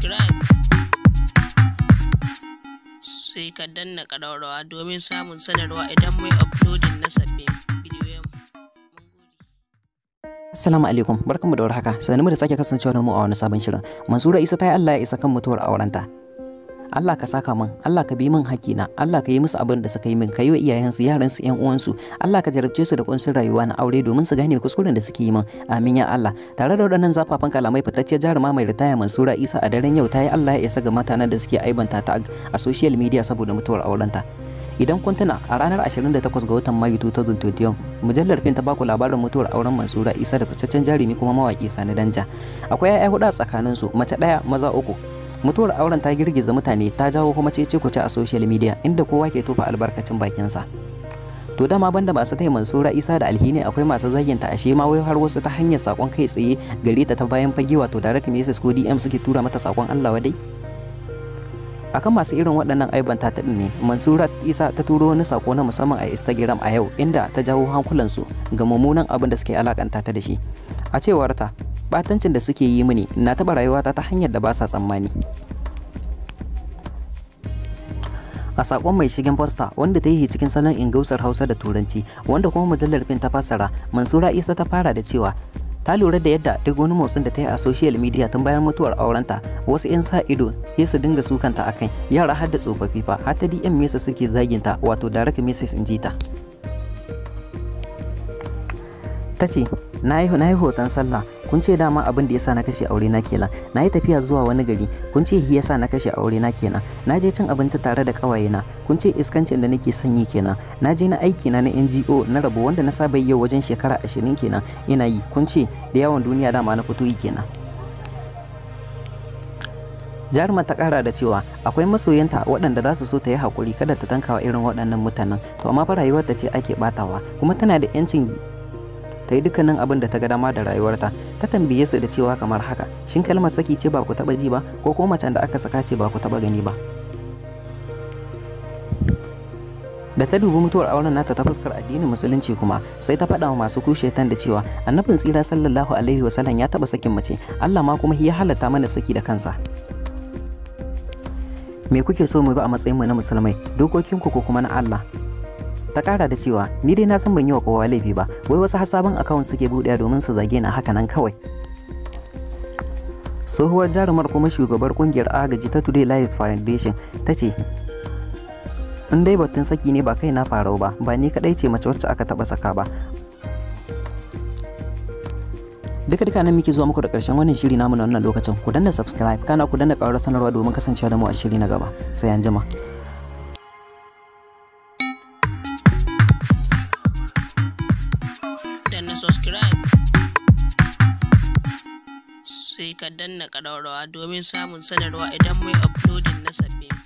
subscribe sai ka danna ƙararrawa domin samun sanarwa idan mai uploading na sabbin Assalamu alaikum barkamu da warhaka mu da sake kasancewa mu a wani sabon shirin Mansura Isa ta yi Allah ya isa kan mutuwar aurenta Allah ka saka min Allah ka bi min na. Allah ka yi musu abin da suka yi min ka yi wa iyayensu yaransu yan uwansu Allah ka jarabce su da kunsin rayuwa na aure domin su gane kuskuren da suke yi min amin ya Allah tare da waɗannan zafafan kalamai fitacce jaruma mai ritaya Mansura Isa a daren yau tayi yi Allah ya isa ga matanan da suke aibanta ta a social media saboda mutuwar aurenta idan kun tuna a ranar 28 ga watan mayu 2021 mujallar fin ta baku labarin mutuwar auren mansura isa da fitaccen jarumi kuma mawaki sani danja akwai 'ya'ya hudu a tsakaninsu mace ɗaya maza uku mutuwar auren ta girgiza mutane ta jawo kuma ku kuce a social media inda kowa ke tofa albarkacin bakinsa to dama banda masu taya mansura isa da alhini akwai masu zaginta ta ashe ma wai har wasu ta hanyar sakon kai tsaye gare ta ta bayan fage wato direct message ko dm suke tura mata sakon allah wadai akan masu irin waɗannan aiban ta ne mansura isa ta turo wani sako na musamman a instagram a yau inda ta jawo hankulansu ga mummunan abin da suke alakanta ta da shi a cewar ta batancin da suke yi mini na taɓa rayuwata ta hanyar da ba sa tsammani a sakon mai shigen fosta wanda ta yi cikin salon ingausar hausa da turanci wanda kuma mujallar fin ta fassara mansura isa ta fara da cewa ta lura da yadda duk wani motsin da ta yi a social media tun bayan mutuwar aurenta wasu 'yan sa ido ya su dinga sukanta akan yara har da tsofaffi fa har ta dm mesa suke zaginta wato direct message in jita ta ce na yi hoton sallah kun ce dama abin da yasa na kashe aure na kenan na yi tafiya zuwa wani gari kun ce hi yasa na kashe aure na kenan na je cin abinci tare da kawaye na kun ce iskancin da nake sanyi kenan na je na aiki na na NGO na rabu wanda na saba yau wajen shekara 20 kenan ina yi kun ce da yawan duniya dama na fito yi kenan jaruma ta kara da cewa akwai masoyanta waɗanda za su so ta yi hakuri kada ta tankawa irin waɗannan mutanen to amma fa rayuwar ta ce ake batawa kuma tana da 'yancin ta yi dukkanin abin da ta ga dama da rayuwarta ta tambaye su da cewa kamar haka shin kalmar saki ce ba ku taba ji ba ko kuma macen da aka saka ce ba ku taba gani ba da ta dubi mutuwar auren nata ta fuskar addinin musulunci kuma sai ta faɗa wa masu kushe tan da cewa annabin tsira sallallahu alaihi wasallam ya taba sakin mace Allah ma kuma ya halatta mana saki da kansa me kuke so mu bi a matsayin mu na musulmai dokokinku ko kuma na Allah ta kara da cewa ni dai na san ban yi wa kowa laifi ba wai wasu hasaban account suke buɗewa domin su zage na haka nan kawai tsohuwar jarumar kuma shugabar kungiyar agaji ta today life foundation ta ce in dai batun saki ne ba kai na farau ba ba ni kadai ce mace wacce aka taba saka ba duka duka nan muke zuwa muku da karshen wannan shiri namu na wannan lokacin ku danna subscribe kana ku danna ƙarar sanarwa domin kasancewa da mu a shiri na gaba sai an jima sai ka danna ƙararrawa domin samun sanarwa idan mai uploading na sabbin